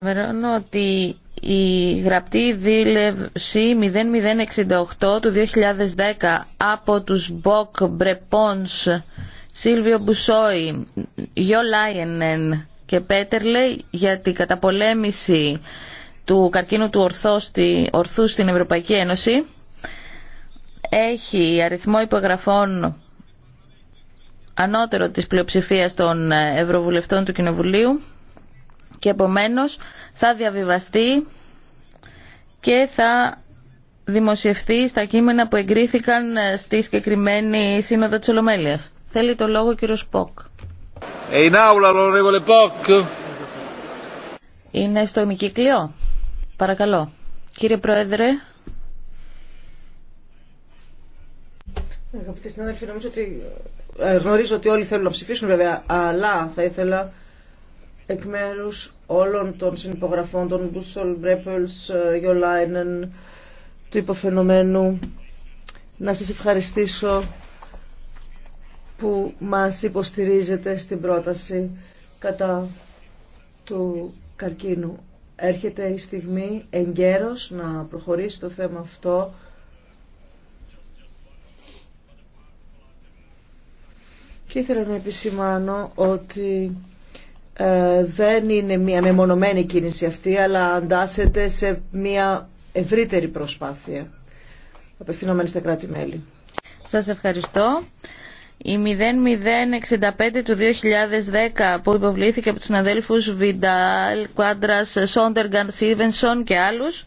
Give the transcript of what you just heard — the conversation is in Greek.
Ενημερώνω ότι η γραπτή δήλευση 0068 του 2010 από τους Μποκ Μπρεπόνς, Σίλβιο Μπουσόη, Γιώ Λάιενεν και Πέτερλε για την καταπολέμηση του καρκίνου του ορθού στην Ευρωπαϊκή Ένωση έχει αριθμό υπογραφών ανώτερο της πλειοψηφίας των Ευρωβουλευτών του Κοινοβουλίου και επομένως θα διαβιβαστεί και θα δημοσιευτεί στα κείμενα που εγκρίθηκαν ε, στη συγκεκριμένη Σύνοδο της Ολομέλειας. Θέλει το λόγο ο κύριος Ποκ. Ε, είναι στο ημικύκλιο. Παρακαλώ. Κύριε Πρόεδρε. Αγαπητοί συνάδελφοι, νομίζω ότι ε, γνωρίζω ότι όλοι θέλουν να ψηφίσουν βέβαια, αλλά θα ήθελα εκ μέρου όλων των συνυπογραφών των Μπούσολ, Μπρέπελ, ε, Γιολάινεν, του υποφαινομένου. Να σας ευχαριστήσω που μας υποστηρίζετε στην πρόταση κατά του καρκίνου. Έρχεται η στιγμή εγκαίρως να προχωρήσει το θέμα αυτό και ήθελα να επισημάνω ότι ε, δεν είναι μια μεμονωμένη κίνηση αυτή, αλλά αντάσσεται σε μια ευρύτερη προσπάθεια απευθυνόμενη στα κράτη-μέλη. Σας ευχαριστώ. Η 0065 του 2010 που υποβλήθηκε από τους συναδέλφους Βιντάλ, Κουάντρας, Σόντεργαν, Σίβενσον και άλλους